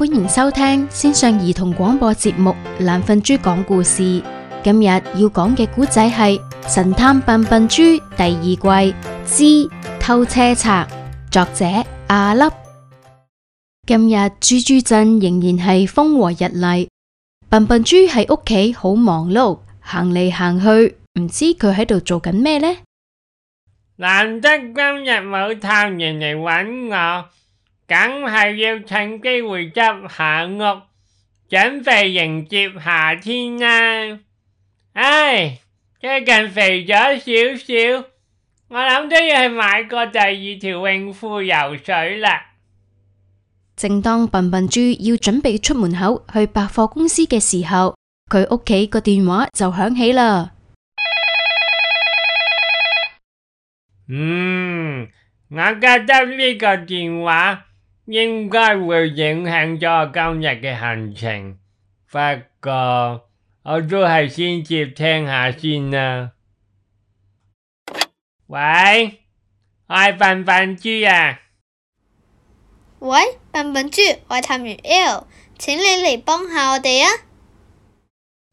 歡迎收聽線上兒童廣播節目《懶瞓豬講故事》。今日要講嘅古仔係《神探笨笨豬》第二季之偷車賊，作者阿粒。今日豬豬鎮仍然係風和日麗，笨笨豬喺屋企好忙碌，行嚟行去，唔知佢喺度做緊咩呢？難得今日冇探員嚟揾我。梗係要趁機會執下屋，準備迎接夏天啦！唉，最近肥咗少少，我諗都要去買個第二條泳褲游水啦。正當笨笨豬要準備出門口去百貨公司嘅時候，佢屋企個電話就響起啦。嗯，我覺得呢個電話。應該會影響咗我今日嘅行程。不過我都係先接聽下先啦。喂，我係笨笨豬啊！喂，笨笨豬，我係探員 L，請你嚟幫下我哋啊！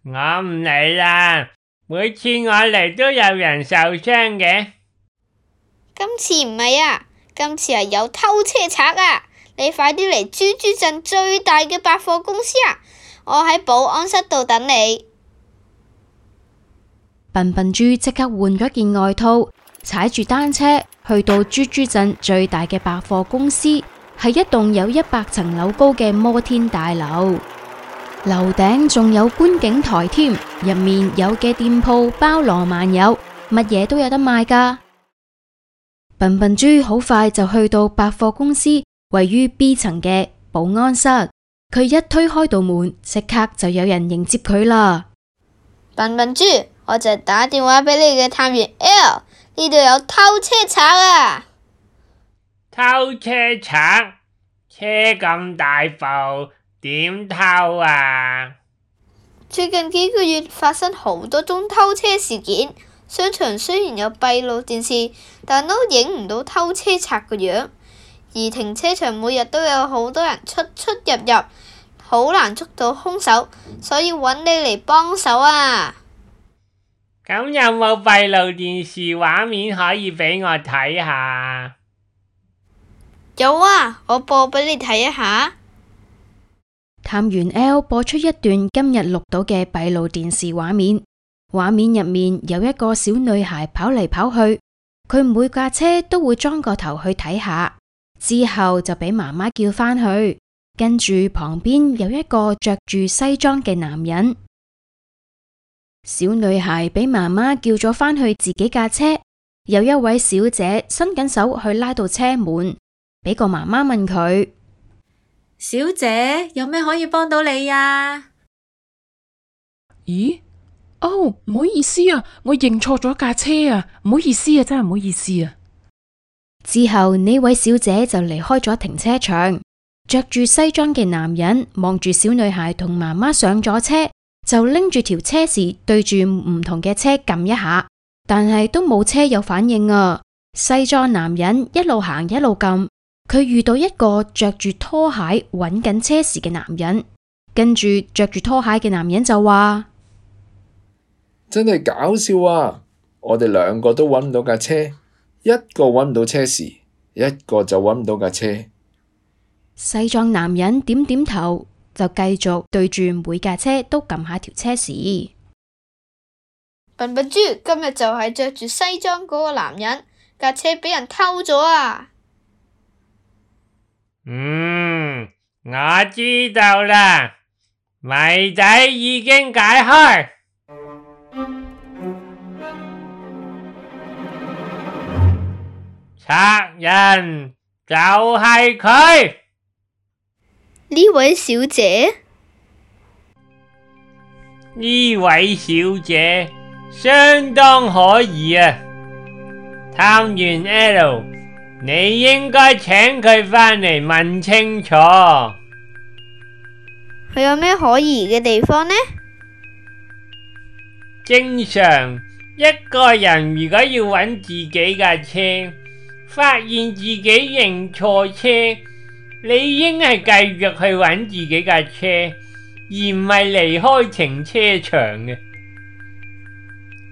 我唔嚟啦，每次我嚟都有人受傷嘅。今次唔係啊，今次係有偷車賊啊！你快啲嚟豬豬鎮最大嘅百貨公司啊！我喺保安室度等你。笨笨豬即刻換咗件外套，踩住單車去到豬豬鎮最大嘅百貨公司，係一棟有一百層樓高嘅摩天大樓，樓頂仲有觀景台添。入面有嘅店鋪包羅萬有，乜嘢都有得賣㗎。笨笨豬好快就去到百貨公司。位於 B 層嘅保安室，佢一推開道門，即刻就有人迎接佢啦。笨笨豬，我就打電話俾你嘅探員 L，呢度有偷車賊啊！偷車賊，車咁大部，點偷啊？最近幾個月發生好多宗偷車事件，商場雖然有閉路電視，但都影唔到偷車賊嘅樣。而停車場每日都有好多人出出入入，好難捉到兇手，所以揾你嚟幫手啊！咁有冇閉路電視畫面可以俾我睇下？有啊，我播俾你睇一下。探員 L 播出一段今日錄到嘅閉路電視畫面，畫面入面有一個小女孩跑嚟跑去，佢每架車都會裝個頭去睇下。之後就俾媽媽叫返去，跟住旁邊有一個着住西裝嘅男人。小女孩俾媽媽叫咗返去自己架車，有一位小姐伸緊手去拉到車門，俾個媽媽問佢：小姐，有咩可以幫到你呀？咦？哦，唔好意思啊，我認錯咗架車啊，唔好意思啊，真係唔好意思啊。之後，呢位小姐就離開咗停車場，着住西裝嘅男人望住小女孩同媽媽上咗車，就拎住條車匙對住唔同嘅車撳一下，但係都冇車有反應啊。西裝男人一路行一路撳，佢遇到一個着住拖鞋揾緊車匙嘅男人，跟住着住拖鞋嘅男人就話：真係搞笑啊！我哋兩個都揾唔到架車。一個揾唔到車匙，一個就揾唔到架車。西裝男人點點頭，就繼續對住每架車都撳下條車匙。笨笨豬，今日就係着住西裝嗰個男人架車畀人偷咗啊！嗯，我知道啦，謎底已經解開。賊人就係佢，呢位小姐？呢位小姐相當可疑啊！探員 L，你應該請佢返嚟，問清楚。佢有咩可疑嘅地方呢？正常一個人如果要揾自己嘅車。發現自己認錯車，理應係繼續去揾自己架車，而唔係離開停車場嘅。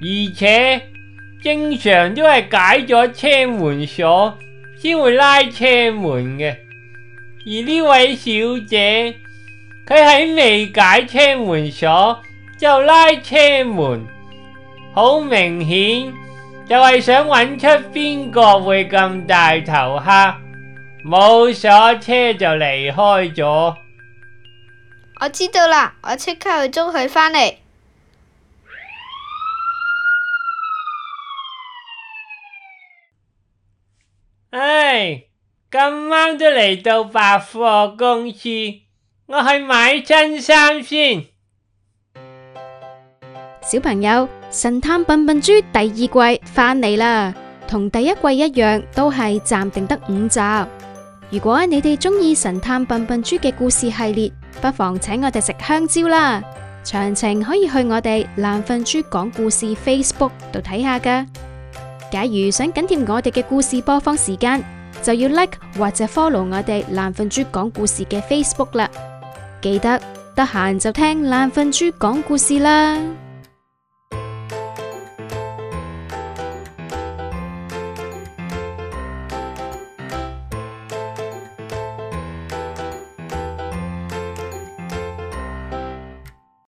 而且正常都係解咗車門鎖先會拉車門嘅，而呢位小姐佢喺未解車門鎖就拉車門，好明顯。就係想揾出邊個會咁大頭蝦，冇鎖車就離開咗。我知道啦，我即刻去捉佢返嚟。唉，今晚都嚟到百貨公司，我去買新衫先。小朋友，神探笨笨豬第二季返嚟啦，同第一季一樣都係暫定得五集。如果你哋中意神探笨笨豬嘅故事系列，不妨請我哋食香蕉啦。詳情可以去我哋爛瞓豬講故事 Facebook 度睇下噶。假如想緊貼我哋嘅故事播放時間，就要 like 或者 follow 我哋爛瞓豬講故事嘅 Facebook 啦。記得得閒就聽爛瞓豬講故事啦。